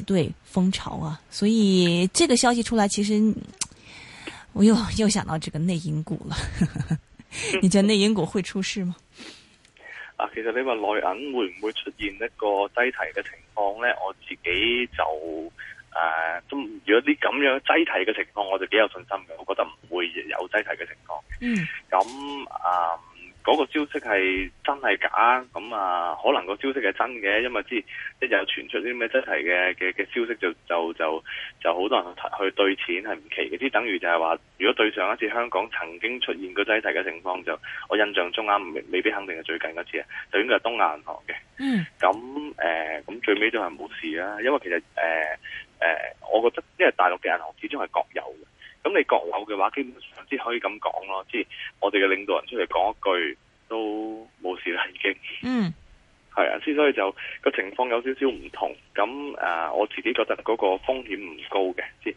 對，風潮啊，所以這個消息出來，其實我又又想到這個內銀股了呵呵。你覺得內銀股會出事嗎？啊，其實你話內銀會唔會出現一個擠提嘅情況咧？我自己就誒，都、呃、如果啲咁樣擠提嘅情況，我就幾有信心嘅，我覺得唔會有擠提嘅情況。嗯，咁啊。呃嗰個消息係真係假？咁、嗯、啊，可能個消息係真嘅，因為知一有傳出啲咩擠提嘅嘅嘅消息就，就就就就好多人去對錢係唔奇嘅。即等於就係話，如果對上一次香港曾經出現過擠提嘅情況，就我印象中啊，未未必肯定係最近嗰次啊，就應該係東亞銀行嘅。嗯。咁誒，咁、呃、最尾都係冇事啦，因為其實誒、呃呃、我覺得因為大陸嘅銀行始終係國有嘅。咁你國有嘅話，基本上即係可以咁講咯，即係我哋嘅領導人出嚟講一句都冇事啦，已經。嗯，係啊，之所以就個情況有少少唔同。咁誒，我自己覺得嗰個風險唔高嘅，即係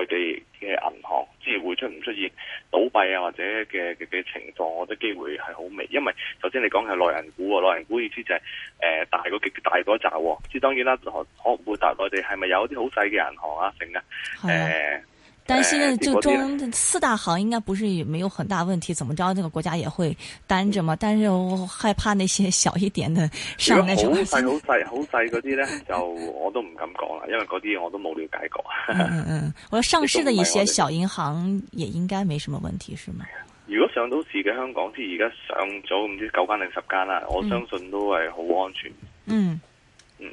內地嘅銀行，即係會出唔出現倒閉啊，或者嘅嘅情況，我覺得機會係好微。因為首先你講係內銀股，內銀股意思就係、是、誒、呃、大個極大個集，即係當然啦，可可會大內地係咪有啲好細嘅銀行啊剩啊，誒。Mm. 呃擔心就中四大行應該不是也沒有很大問題，怎麼着那個國家也會擔着嘛。但是我害怕那些小一點的上那種。如果好細好細好細，嗰啲呢就我都唔敢講啦，因為嗰啲我都冇了解過。嗯嗯，我說上市的一些小銀行也應該沒什麼問題，是嗎？如果上到市嘅香港，即係而家上咗唔知九間定十間啦，我相信都係好安全。嗯嗯。嗯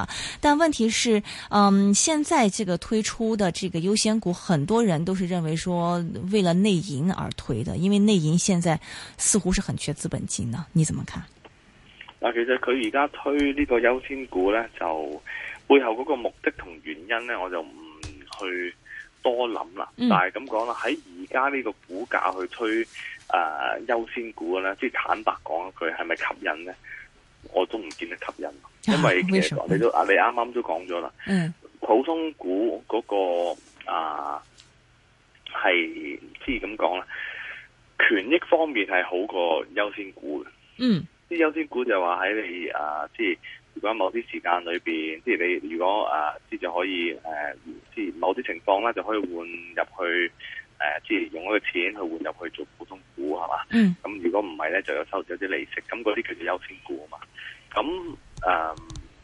但問題是，嗯，現在這個推出的這個優先股，很多人都是認為說為了內銀而推的，因為內銀現在似乎是很缺資本金的，你怎麼看？其實佢而家推呢個優先股呢，就背後嗰個目的同原因呢，我就唔去多諗啦。嗯、但係咁講啦，喺而家呢個股價去推誒、呃、優先股呢，即係坦白講一句，係咪吸引呢？我都唔見得吸引。因為其實你都啊， 你啱啱都講咗啦，普通股嗰個啊係，即係咁講啦，權益方面係好過優先股嘅。嗯，啲優先股就話喺你啊，即係如果某啲時間裏邊，即係你如果啊，即係可以誒，即係某啲情況咧，就可以換入、啊、去誒，即、啊、係用嗰個錢去換入去做普通股係嘛。是吧，嗯，咁如果唔係咧，就有收有啲利息。咁嗰啲其實優先股啊嘛，咁。誒，um,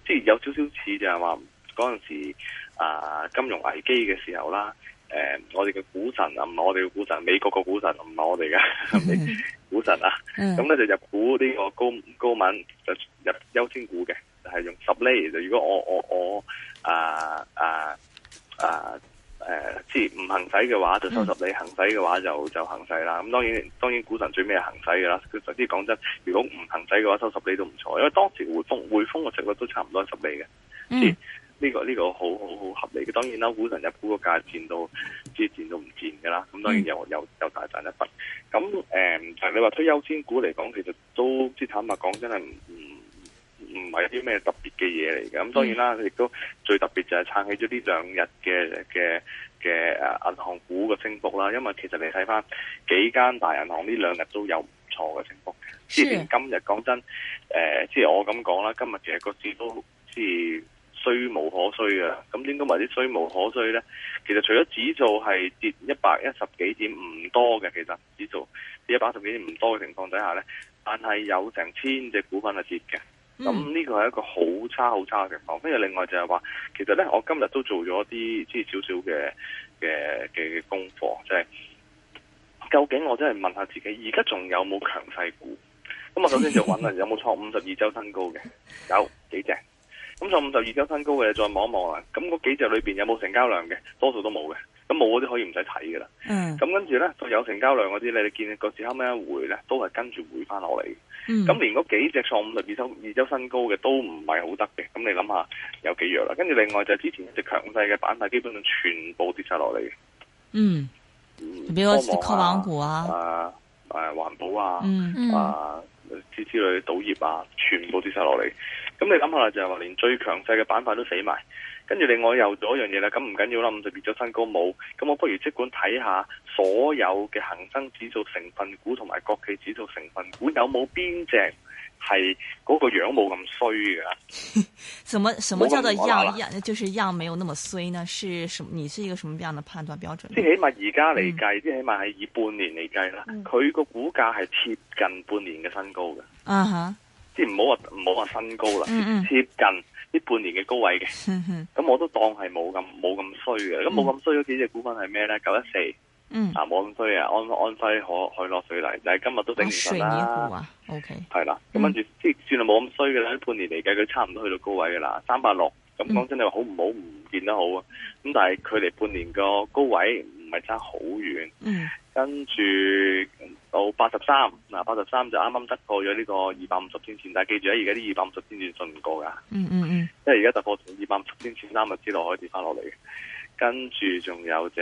即係有少少似就係話嗰陣時，啊，金融危機嘅時候啦，誒、啊，我哋嘅股神啊，唔係我哋嘅股神，美國嘅股神唔係我哋嘅 股神啊，咁咧、 嗯、就入股呢個高高敏就入優先股嘅，就係、是、用十厘，就如果我我我啊啊啊。啊啊誒，即係唔行使嘅話就收十厘，嗯、行使嘅話就就行使啦。咁當然當然，當然股神最尾係行使噶啦。佢實即係講真，如果唔行使嘅話，收十厘都唔錯。因為當時滙豐滙豐個值個都差唔多十厘嘅。嗯、呢、這個呢、這個好好好合理。嘅。當然啦，股神入股個價賤到，即係賤到唔賤噶啦。咁當然又又大賺一筆。咁誒，嗯、你話推優先股嚟講，其實都即坦白講，真係唔。唔係啲咩特別嘅嘢嚟嘅，咁當然啦，亦、嗯、都最特別就係撐起咗呢兩日嘅嘅嘅啊銀行股嘅升幅啦。因為其實你睇翻幾間大銀行呢兩日都有唔錯嘅升幅嘅。是之前。連今日講真，即、呃、係我咁講啦，今日其實個市都是衰無可衰嘅啦。咁點解話啲衰無可衰呢？其實除咗指數係跌一百一十幾點唔多嘅，其實指數跌一百一十幾點唔多嘅情況底下呢，但係有成千隻股份係跌嘅。咁呢個係一個好差好差嘅情況。跟住另外就係話，其實呢，我今日都做咗啲即係少少嘅嘅嘅功課，即係究竟我真係問下自己，而家仲有冇強勢股？咁我首先就揾下 有冇創五十二周新高嘅，有幾隻？咁創五十二周新高嘅你再望一望啦。咁嗰幾隻裏面有冇成交量嘅？多數都冇嘅。咁冇嗰啲可以唔使睇嘅啦。咁、嗯、跟住咧，有成交量嗰啲咧，你見個字後尾一回咧，都係跟住回翻落嚟嘅。咁、嗯、連嗰幾隻創五十二週、二週新高嘅都唔係好得嘅。咁你諗下有幾弱啦？跟住另外就係之前一直強勢嘅板塊，基本上全部跌晒落嚟嘅。嗯，比如話科網股啊，誒環保啊，啊之之類嘅賭業啊，全部跌晒落嚟。咁你諗下就係話，連最強勢嘅板塊都死埋。跟住，另外我又做一樣嘢啦。咁唔緊要啦，五十跌咗新高冇。咁我不如即管睇下所有嘅恒生指數成分股同埋國企指數成分股有冇邊隻係嗰個樣冇咁衰噶？什麼 什麼叫做樣樣？就是樣沒有那麼衰呢？是什？你是一個什麼樣嘅判斷標準？即係起碼而家嚟計，即係、嗯、起碼係以半年嚟計啦。佢個、嗯、股價係貼近半年嘅新高嘅。嗯哼。即係唔好話唔好話新高啦，貼近。呢半年嘅高位嘅，咁我都當係冇咁冇咁衰嘅，咁冇咁衰嗰幾隻股份係咩呢？九一四，嗯，冇咁衰啊，衰安安徽海螺水泥，但係今日都定二十啦，OK，係啦的，咁跟住即係算係冇咁衰嘅啦，半年嚟計佢差唔多去到高位噶啦，三百六，咁講真你話好唔好唔見得好啊，咁但係距離半年個高位。唔係差好遠，嗯、跟住到八十三，嗱八十三就啱啱突破咗呢個二百五十天線，但係記住咧，而家啲二百五十天線信唔過噶，嗯嗯嗯，即係而家突破二百五十天線三日之內開始翻落嚟，跟住仲有隻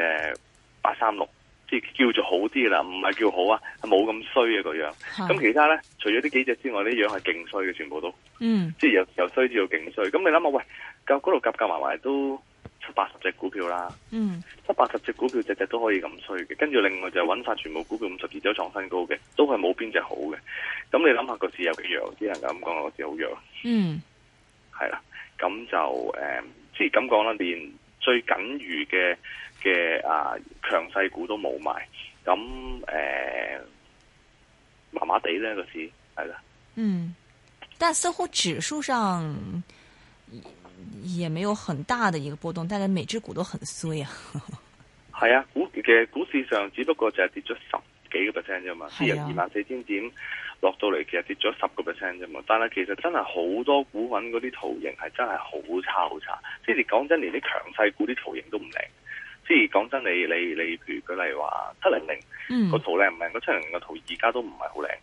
八三六，即係叫做好啲啦，唔係叫好啊，冇咁衰嘅個樣。咁是的 其他咧，除咗呢幾隻之外，呢樣係勁衰嘅，全部都，嗯，即係由由衰至到勁衰。咁你諗下，喂，咁嗰度夾夾埋埋都。七八十隻股票啦，嗯，七八十隻股票隻隻都可以咁衰嘅，跟住另外就揾晒全部股票五十二周創新高嘅，都係冇邊隻好嘅，咁你諗下個市有幾弱？只能咁講個市好弱，嗯，係啦，咁就誒，即係咁講啦，連最緊餘嘅嘅啊強勢股都冇埋。咁誒麻麻地咧個市係啦，呃、那次的的嗯，但似乎指數上。也沒有很大的一個波動，但係每隻股都很衰啊。係 啊，股其實股市上只不過就係跌咗十幾個 percent 啫嘛，之前二萬四千點落到嚟，其實跌咗十個 percent 啫嘛。但係其實真係好多股份嗰啲圖形係真係好差好差，即係講真的連的，連啲強勢股啲圖形都唔靚。即係講真的，你你你，譬如舉例話七零零，個圖靚唔靚？七零零個圖而家都唔係好靚。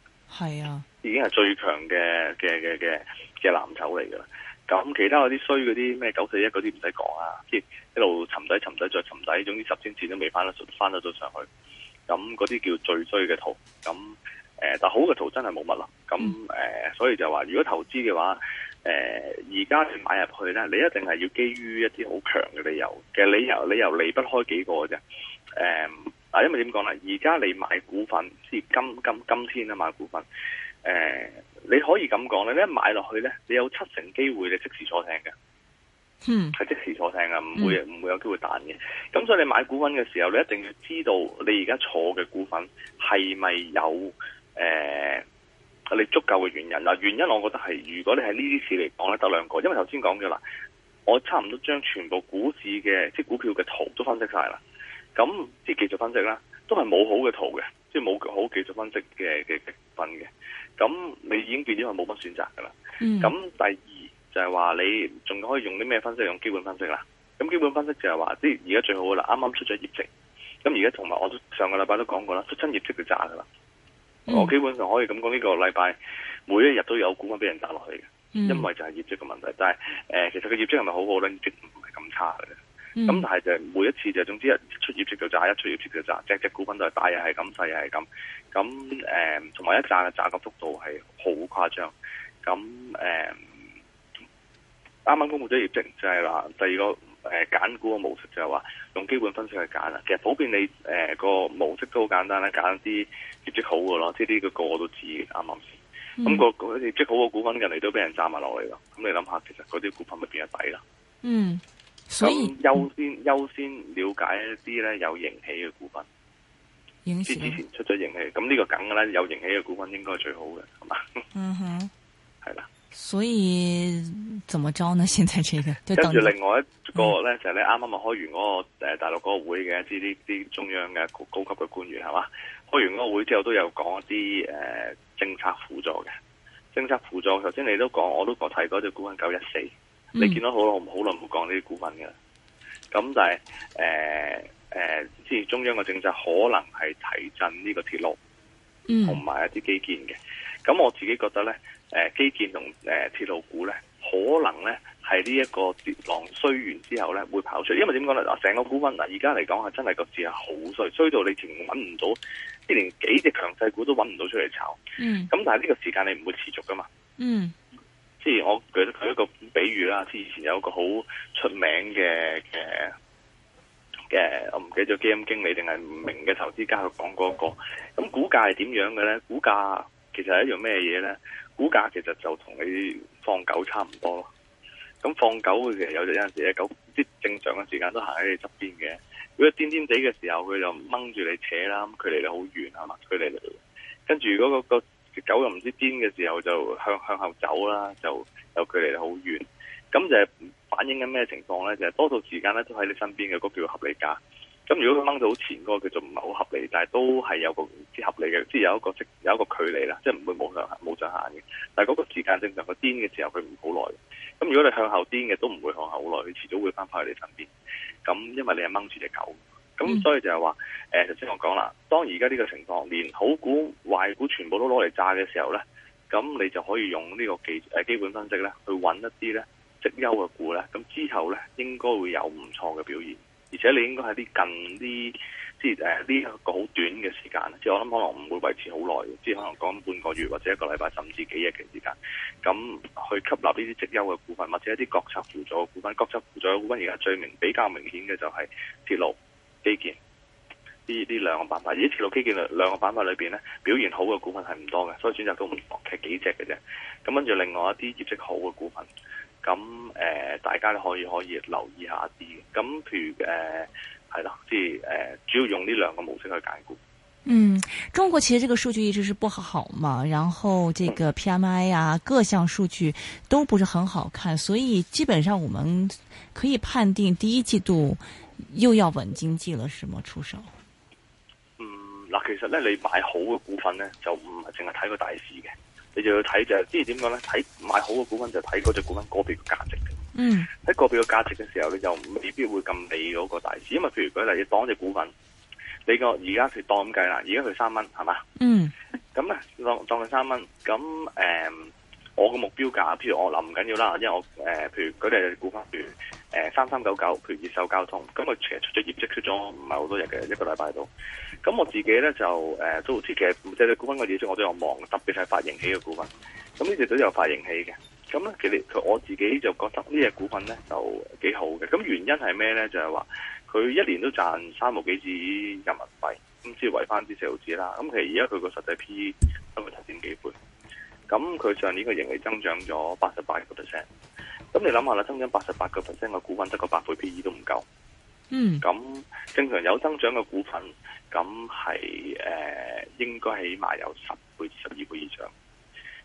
係啊，已經係最強嘅嘅嘅嘅嘅藍籌嚟噶啦。咁其他嗰啲衰嗰啲咩九四一嗰啲唔使講啊，即係一路沉底沉底再沉底，總之十天前都未翻得翻到上去。咁嗰啲叫最衰嘅圖。咁誒、呃，但好嘅圖真係冇乜啦。咁誒、呃，所以就話如果投資嘅話，誒而家買入去咧，你一定係要基於一啲好強嘅理由。嘅理由理由離不開幾個嘅啫。誒、呃、嗱，因為點講咧？而家你買股份，即係今今今天咧買股份。誒、呃，你可以咁講咧，你一買落去咧，你有七成機會你即時坐平嘅，嗯，係即時坐艇嘅，唔會唔、嗯、會有機會彈嘅。咁所以你買股份嘅時候，你一定要知道你而家坐嘅股份係咪有誒、呃，你足夠嘅原因。嗱，原因我覺得係如果你喺呢啲市嚟講咧，得兩個，因為頭先講嘅啦，我差唔多將全部股市嘅，即係股票嘅圖都分析晒啦，咁即係技術分析啦，都係冇好嘅圖嘅，即係冇好技術分析嘅嘅極品嘅。咁你已經變咗係冇乜選擇噶啦。咁、嗯、第二就係話你仲可以用啲咩分析？用基本分析啦。咁基本分析就係話，即係而家最好啦，啱啱出咗業績。咁而家同埋我都上個禮拜都講過啦，出親業績就砸噶啦。嗯、我基本上可以咁講，呢、呢個禮拜每一日都有股份俾人砸落去嘅，因為就係業績嘅問題。但係誒、呃，其實個業績係咪好好咧？即係唔係咁差嘅。咁、嗯、但係就是每一次就是，總之一出業績就炸，一出業績就炸，隻隻股份都係大嘢，係咁細，係咁。咁誒，同埋、嗯、一炸嘅炸嘅炸嘅速度係好誇張。咁誒，啱、嗯、啱公布咗業績就係、是、啦。第二個誒揀股嘅模式就係話用基本分析去揀啦。其實普遍你誒個、呃、模式都好簡單咧，揀啲業績好嘅咯。即係啲個個我都知啱啱先。咁個、嗯、個業績好嘅股份，人哋都俾人炸埋落嚟咯。咁你諗下，其實嗰啲股份咪變咗底啦。嗯。咁優、嗯、先優先了解一啲咧有盈喜嘅股份，即響之前出咗盈喜，咁呢個梗嘅啦，有盈喜嘅股份應該最好嘅，係嘛？嗯哼，係啦的。所以，怎麼着呢？現在這個跟住另外一個咧，嗯、就係你啱啱咪開完嗰個誒大陸嗰個會嘅，啲啲啲中央嘅高高級嘅官員係嘛？開完嗰個會之後都有講一啲誒政策輔助嘅，政策輔助，助。頭先你都講，我都提過隻股份九一四。你見到好耐，好耐冇講呢啲股份嘅，咁但係誒誒，之前中央嘅政策可能係提振呢個鐵路，同埋、嗯、一啲基建嘅。咁我自己覺得咧，基建同誒、呃、鐵路股咧，可能咧係呢一個跌浪衰完之後咧，會跑出。因為點講咧？嗱，成個股份嗱、啊，而家嚟講係真係個市係好衰，衰到你連揾唔到，即係連幾隻強勢股都揾唔到出嚟炒。嗯。咁但係呢個時間你唔會持續噶嘛。嗯。即係我舉得佢一個比喻啦，以前有一個好出名嘅嘅嘅，我唔記得叫基金經理定係唔明嘅投資家，佢講過一個，咁股價係點樣嘅咧？股價其實係一樣咩嘢咧？股價其實就同你放狗差唔多咯。咁放狗其實有時有陣時咧，狗即正常嘅時間都行喺你側邊嘅，如果癲癲地嘅時候，佢就掹住你扯啦。咁佢離你好遠啊嘛，佢離你，跟住嗰個個。隻狗又唔知癲嘅時候就向向後走啦，就就距離好遠，咁就係反映緊咩情況呢？就係、是、多數時間咧都喺你身邊嘅，嗰、那個、叫合理價。咁如果佢掹到好前嗰個佢就唔係好合理，但係都係有個唔知合理嘅，即、就、係、是、有一個即有一個距離啦，即係唔會冇上限冇上限嘅。但係嗰個時間正常，佢癲嘅時候佢唔好耐。咁如果你向後癲嘅都唔會向後好耐，佢遲早會翻返去你身邊。咁因為你係掹住隻狗。咁、嗯、所以就係話，誒頭先我講啦，當而家呢個情況，連好股壞股全部都攞嚟炸嘅時候咧，咁你就可以用呢個基誒基本分析咧，去揾一啲咧績優嘅股咧，咁之後咧應該會有唔錯嘅表現，而且你應該喺啲近啲、就是，即係誒呢一個好短嘅時間，即係我諗可能唔會維持好耐嘅，即係可能講半個月或者一個禮拜，甚至幾日嘅時間，咁去吸納呢啲績優嘅股份，或者一啲國策輔助嘅股份，國策輔助嘅股份而家最明比較明顯嘅就係鐵路。基建呢呢兩個板塊，而鐵路基建兩,兩個板塊裏邊咧表現好嘅股份係唔多嘅，所以選擇都唔多係幾隻嘅啫。咁跟住另外一啲業績好嘅股份，咁、嗯、誒、呃、大家可以可以留意一下啲。咁、嗯、譬如誒係啦，即係誒主要用呢兩個模式去解股。嗯，中國其實這個數據一直是不好，好嘛，然後這個 PMI 啊各項數據都不是很好看，所以基本上我們可以判定第一季度。又要穩經濟了，是麼出手？嗯，嗱，其實咧，你買好嘅股份咧，就唔係淨係睇個大市嘅，你就要睇就即係點講咧，睇買好嘅股份就睇嗰隻股份、個別嘅價值嘅。嗯，喺個別嘅價值嘅時候你就未必會咁理嗰個大市，因為譬如舉例你當個例子，當隻股份，你個而家佢當咁計啦，而家佢三蚊係嘛？嗯，咁啊，當當佢三蚊，咁誒、呃，我嘅目標價，譬如我諗唔緊要啦，因為我誒、呃，譬如舉例嘅股份，譬如。誒、呃，三三九九，譬如二手交通，咁啊、呃，其實出咗業績出咗唔係好多日嘅，一個禮拜到。咁我自己咧就誒，都即係其實唔止股份嘅業績我都有望，特別係發盈喜嘅股份。咁呢隻都有發盈喜嘅，咁咧其實我自己就覺得呢隻股份咧就幾好嘅。咁原因係咩咧？就係話佢一年都賺三毫幾紙人民幣，咁即係圍翻啲四毫紙啦。咁其實而家佢個實際 PE，都係七點幾倍。咁佢上年個盈利增長咗八十八個 percent。咁你諗下啦，增長八十八個 percent 嘅股份得個八倍 P E 都唔夠。嗯。咁正常有增長嘅股份，咁係誒應該起碼有十倍、十二倍以上。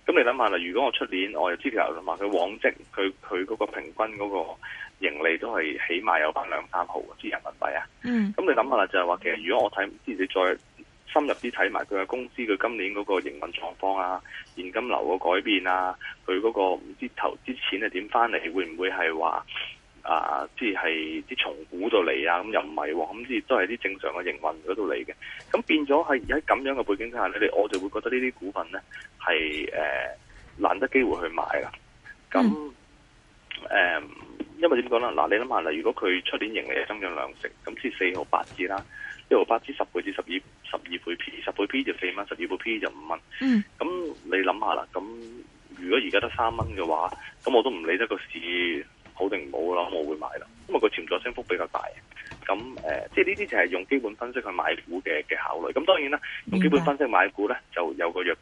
咁你諗下啦，如果我出年我有資格啦，佢往績，佢佢嗰個平均嗰個盈利都係起碼有百兩三毫，即人民幣啊。嗯。咁你諗下啦，就係、是、話其實如果我睇，唔知你再。深入啲睇埋佢嘅公司，佢今年嗰個營運狀況啊，現金流個改變啊，佢嗰個唔知投資錢係點翻嚟，會唔會係話啊，即係啲重估到嚟啊？咁又唔係喎，咁即都係啲正常嘅營運嗰度嚟嘅。咁變咗係而家咁樣嘅背景之下咧，你我就會覺得呢啲股份咧係誒難得機會去買啦。咁誒、嗯呃，因為點講啦，嗱，你諗下，嗱，如果佢出年盈利係增長兩成，咁先四毫八折啦。一毫八支十倍至十二十二倍 P 十倍 P 就四蚊，十二倍 P 就五蚊，咁、嗯、你諗下啦，咁如果而家得三蚊嘅話，咁我都唔理得個市好定唔好啦，我會買啦，因為個潛在升幅比較大，咁誒，即係呢啲就係用基本分析去買股嘅嘅考慮，咁當然啦，用基本分析買股咧就有個弱點。